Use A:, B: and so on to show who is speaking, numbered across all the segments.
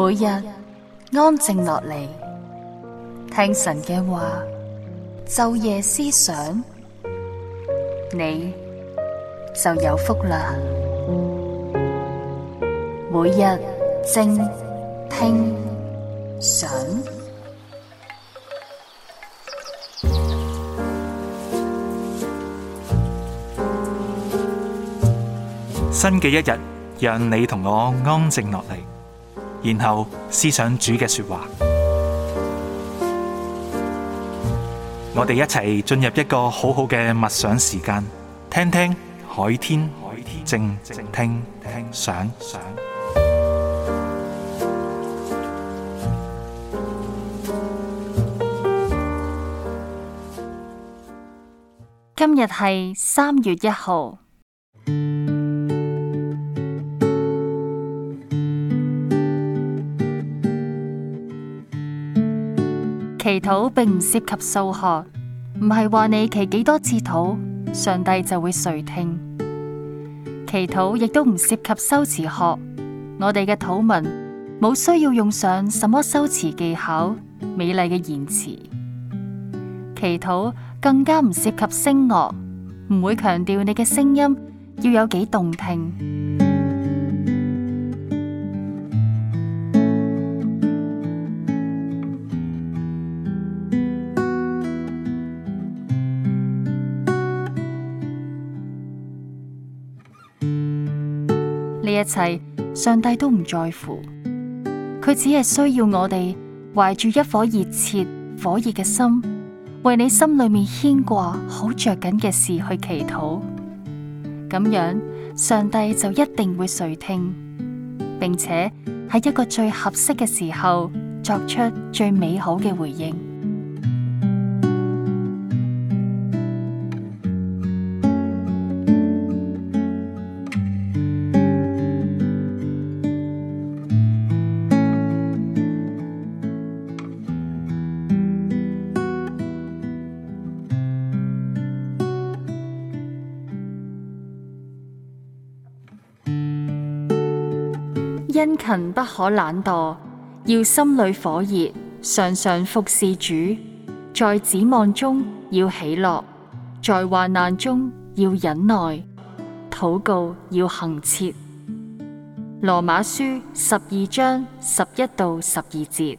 A: 每日安靜落嚟，聽神嘅話，晝夜思想，你就有福啦。每日靜聽想，
B: 新嘅一日，讓你同我安靜落嚟。然後思想主嘅說話， 我哋一齊進入一個好好嘅默想時間，聽聽海天海天靜靜聽聽想想。
A: 今日係三月一號。祈禱並唔涉及數學，唔係話你祈幾多次禱，上帝就會垂聽。祈禱亦都唔涉及修辭學，我哋嘅禱文冇需要用上什麼修辭技巧、美麗嘅言辭。祈禱更加唔涉及聲樂，唔會強調你嘅聲音要有幾動聽。呢一切，上帝都唔在乎，佢只係需要我哋懷住一顆熱切、火熱嘅心，為你心裏面牽掛、好着緊嘅事去祈禱。咁樣，上帝就一定會垂聽，並且喺一個最合適嘅時候，作出最美好嘅回應。殷勤不可懶惰，要心裏火熱，常常服事主。在指望中要喜樂，在患難中要忍耐，禱告要恆切。羅馬書十二章十一到十二節。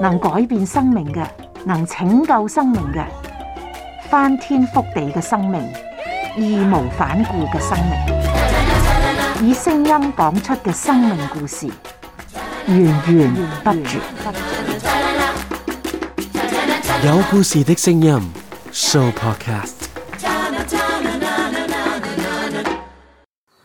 A: 能改變生命嘅，能拯救生命嘅，翻天覆地嘅生命，義無反顧嘅生命，以聲音講出嘅生命故事，
B: 源源不絕。有故事的聲音，Show Podcast。